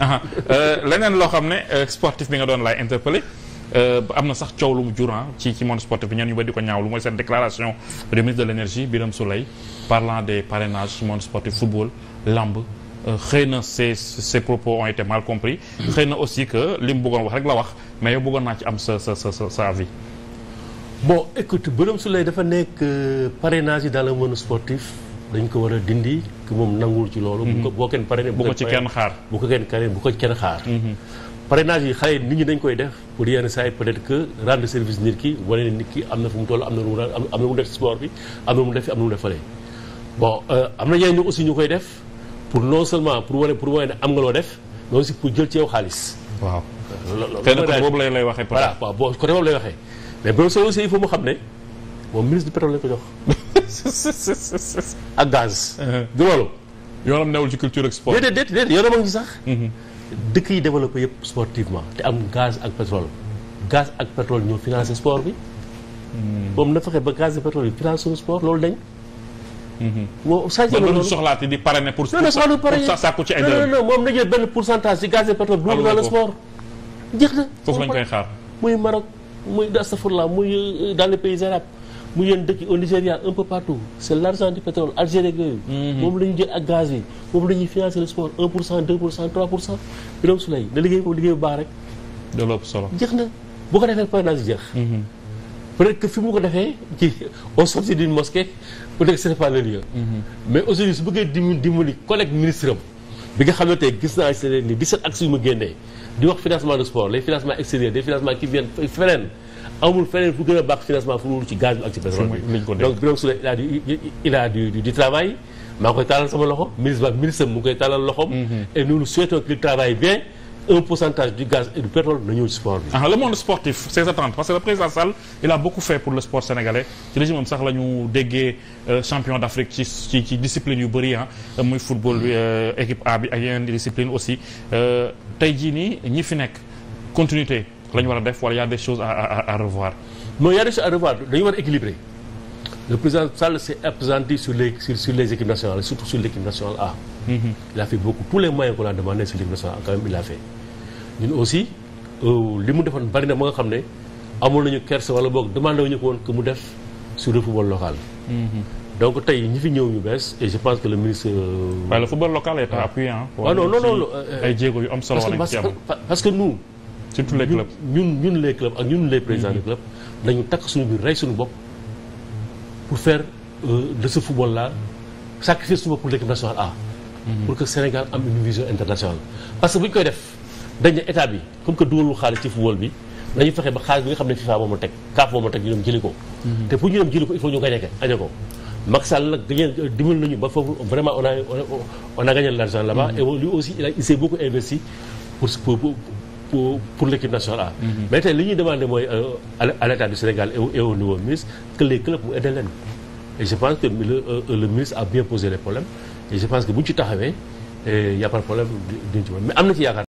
Euh, leneen loo xam ne euh, sportif bi nga doon laay interpellé euh, am na sax coow lu mu jur ah, ci ci monde sportif bi ñenn ñu bëri di ko ñaaw lu mooy cette déclaration du ministre de l'énergie Birame Souleye parlant des parrainages monde sportif football lamb xëy na ces ces propos ont été mal compris xëy na aussi que li mu bëggoon wax rek la wax mais yow bëggoon naa ci am sa sa sa sa avis. bon écoute Birame Souleye dafa nekk parrainage yi dans le monde sportif. dañ ko war a dindi ki moom nanguwul ci loolu. Mhm. bu ko boo kenn parrainé bu ko ci kenn xaar bu ko kenn parrainé bu ko kenn xaar. Mhm. parrainage yi xale yi nit ñi dañ koy def pour yenn saa euh, pour non def mais aussi pour jël waaw euh, boobu lay lay boobu lay waxee mais boobu aussi il faut mu xam ne. moom ministre du pétrole lañ ko jox. ak gaz. Uh-huh. du loolu. yoonam newul ci culture ak sport. déedéet déet déet yoonam a ngi sax. Mm-hmm. dëkk yi développé yëpp sportivement te am gaz ak pétrole. gaz ak pétrole ñoo financé sport bi. Mm-hmm. moom na fexe ba gaz ak pétrole yi financé suñu sport loolu dañ. moom na jël benn pourcentage ci gaz ak pétrole. dugal naa la sport. jeex na foofu lañ koy xaar muy Maroc muy astafurlah muy euh, dans pays arabes. mu yéen dëkk au Nigéria un peu partout c' est l' pétrole Algérie ak yooyu. Mhm. moom la jël ak gaz bi moom la ñuy financer sport 1 pour cent 2 pour cent 3 pour cent. Birame Souleye da liggéey foofu liggéey bu de lépp solo mhm. fi mu ko defee ci au sortir d'une mosquée peut-être que ce n'est pas le lieu. Mhm. mais aujourd'hui su bëggee dimbali dimbali collègue bi nga xam ne tey gis naa si ni 17 axes yu mu génnee di wax financement de sport les financements extérieurs les financements amul feneen fu gën a baax financement fu dul ci gaz bi ak ci pétrole donc Birame Souleye il a du travail maa koy tàllal sama loxo ministre ba ministre mu ngi koy tàllal loxom mhm. et nous nous souhaitons qu'il travaille bien un pourcentage du gaz du pétrole na ñëw sport ah, le monde sportif parce que le président Sall il a beaucoup fait pour le sport sénégalais ci régime am sax la ñu euh, champion d' Afrique ci ci ci discipline yu bëri ah muy football bi euh, équipe A bi ak yeneen discipline euh, tey jii nii ñi fi nekk continuité. la ñu war a def wala y des choses a revoir dañu war a équilibrer le président Sall s'est appesanti sur les sur, les équipes nationales surtout sur l'équipe nationale A. Mm -hmm. il a tous les moyens qu'on a demandé sur l'équipe nationale quand même il l'a fait ñun aussi euh, li mu defoon bari na ma nga xam ne amul nañu kerse wala boog demandé wuñu ko woon que mu def sur le football local. Mm-hmm. donc tey ñi fi ñëw ñu bees et je pense que le ministre. waaye euh, le football local est ah. appuyé ah. non euh, am solo. parce surtout les clubs ñun ñun les clubs ak ñun les présidents du mm-hmm. club dañu takk suñu biir rey suñu bopp pour faire euh, de ce football là sacrifice suñu bopp pour l'équipe nationale A. Mm-hmm. pour que Sénégal am une vision parce que bu ñu koy def dañ ne état bi comme que dugalul xaalis ci football bi dañuy fexe ba xaalis bi nga xam ne FIFA moom la teg CAF moom la teg ñu dem jëli ko. Mm-hmm. te pour ñu dem jëli ko il faut ñu gagné ko añe nag dañu nañu ba foofu vraiment on a on a gagné l'argent là-bas. et pour pour l'équipe nationale. Mm-hmm. mais tey li ñuy demandé mooy euh, à l'état du Sénégal et au nouveau ministre que les mu aidé leen je pense que euh, le, ministre a bien posé les problèmes je pense que bu ñu ci taxawee euh, y a pas de problème duñ ci mais am na ci yaakaar.